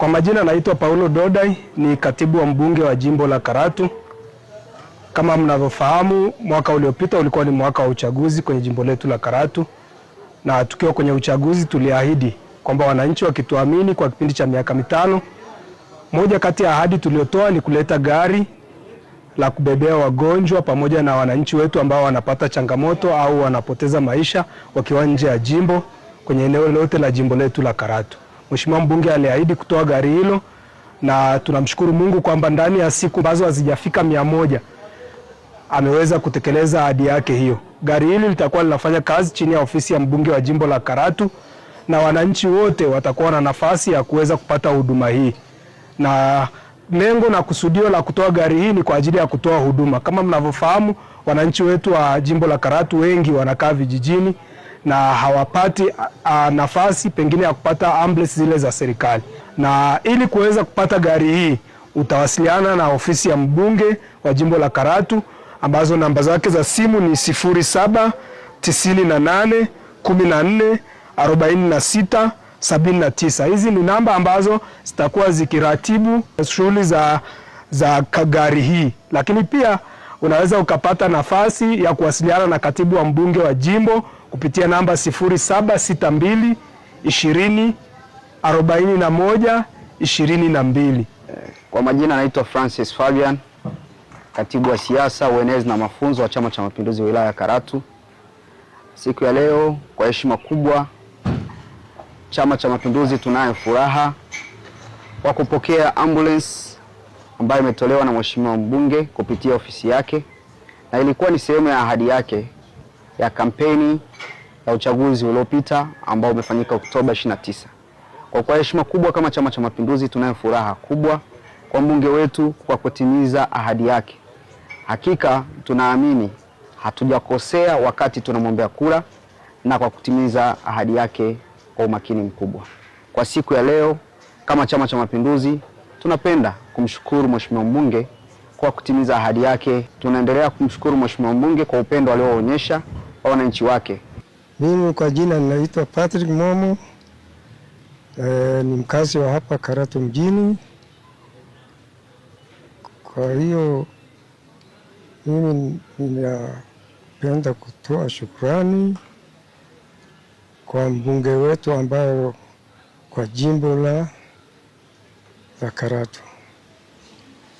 Kwa majina naitwa Paulo Dodai, ni katibu wa mbunge wa jimbo la Karatu. Kama mnavyofahamu, mwaka uliopita ulikuwa ni mwaka wa uchaguzi kwenye jimbo letu la Karatu, na tukiwa kwenye uchaguzi tuliahidi kwamba wananchi wakituamini kwa kipindi cha miaka mitano, moja kati ya ahadi tuliotoa ni kuleta gari la kubebea wagonjwa pamoja na wananchi wetu ambao wanapata changamoto au wanapoteza maisha wakiwa nje ya jimbo kwenye eneo lote la jimbo letu la Karatu. Mheshimiwa mbunge aliahidi kutoa gari hilo na tunamshukuru Mungu kwamba ndani ya siku ambazo hazijafika mia moja ameweza kutekeleza ahadi yake hiyo. Gari hili litakuwa linafanya kazi chini ya ofisi ya mbunge wa jimbo la Karatu na wananchi wote watakuwa na nafasi ya kuweza kupata huduma hii, na lengo na kusudio la kutoa gari hii ni kwa ajili ya kutoa huduma. Kama mnavyofahamu, wananchi wetu wa jimbo la Karatu wengi wanakaa vijijini na hawapati a, nafasi pengine ya kupata ambulance zile za serikali, na ili kuweza kupata gari hii utawasiliana na ofisi ya mbunge wa jimbo la Karatu ambazo namba zake za simu ni nane na sita sabini na tisa. Hizi ni namba ambazo zitakuwa zikiratibu shughuli za, za gari hii, lakini pia unaweza ukapata nafasi ya kuwasiliana na katibu wa mbunge wa jimbo kupitia namba 0762 20 41 22. Kwa majina naitwa Francis Fabian, katibu wa siasa, uenezi na mafunzo wa Chama cha Mapinduzi wilaya ya Karatu. Siku ya leo kwa heshima kubwa, Chama cha Mapinduzi tunayo furaha kwa kupokea ambulance ambayo imetolewa na mheshimiwa mbunge kupitia ofisi yake, na ilikuwa ni sehemu ya ahadi yake ya kampeni ya uchaguzi uliopita ambao umefanyika Oktoba 29. Kwa kwa heshima kubwa kama Chama cha Mapinduzi, tunayo furaha kubwa kwa mbunge wetu kwa kutimiza ahadi yake. Hakika tunaamini hatujakosea wakati tunamwombea kura na kwa kutimiza ahadi yake kwa umakini mkubwa. Kwa siku ya leo kama Chama cha Mapinduzi tunapenda kumshukuru Mheshimiwa mbunge kwa kutimiza ahadi yake. Tunaendelea kumshukuru Mheshimiwa mbunge kwa upendo alioonyesha kwa wananchi wake. Mimi kwa jina ninaitwa Patrick Momo e, ni mkazi wa hapa Karatu mjini. Kwa hiyo mimi ninapenda kutoa shukrani kwa mbunge wetu ambayo kwa jimbo la, la Karatu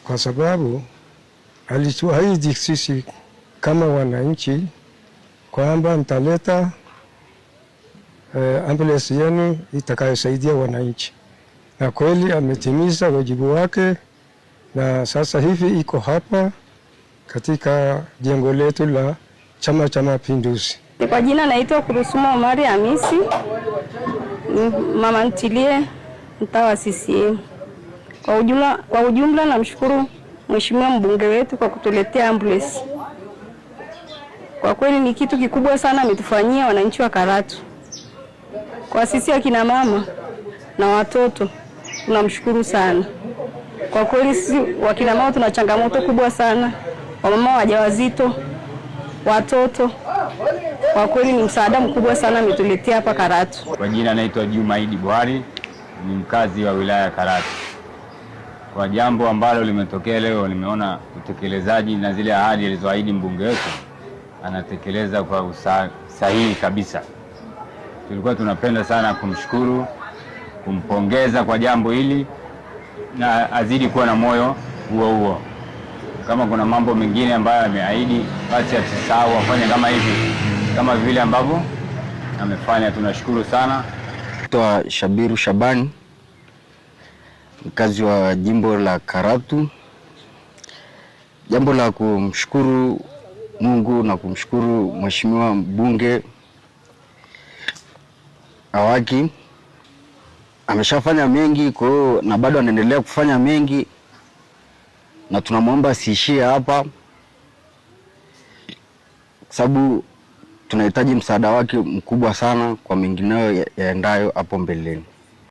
kwa sababu alituahidi sisi kama wananchi kwamba mtaleta uh, ambulance yenu itakayosaidia wananchi, na kweli ametimiza wajibu wake, na sasa hivi iko hapa katika jengo letu la Chama cha Mapinduzi. Kwa jina naitwa Kurusuma Omari Hamisi, mama ntilie mtaa wa CCM. Kwa ujumla, kwa ujumla namshukuru mheshimiwa mbunge wetu kwa kutuletea ambulance. Kwa kweli ni kitu kikubwa sana ametufanyia wananchi wa Karatu. Kwa sisi akina mama na watoto tunamshukuru sana kwa kweli. Sisi wakina mama tuna changamoto kubwa sana, wamama wajawazito, watoto. Kwa kweli ni msaada mkubwa sana ametuletea hapa Karatu. Kwa jina naitwa Juma Idi Bwari, ni mkazi wa wilaya ya Karatu. Kwa jambo ambalo limetokea leo, nimeona utekelezaji na zile ahadi alizoahidi mbunge wetu anatekeleza kwa usahihi kabisa tulikuwa tunapenda sana kumshukuru, kumpongeza kwa jambo hili na azidi kuwa na moyo huo huo. Kama kuna mambo mengine ambayo ameahidi, basi asisahau afanye kama hivi, kama vile ambavyo amefanya. Tunashukuru sana. Toa Shabiru Shabani, mkazi wa jimbo la Karatu. Jambo la kumshukuru Mungu na kumshukuru mheshimiwa mbunge Awaki ameshafanya mengi, kwa hiyo na bado anaendelea kufanya mengi, na tunamwomba asiishie hapa, sababu tunahitaji msaada wake mkubwa sana kwa mengineyo yaendayo hapo mbeleni.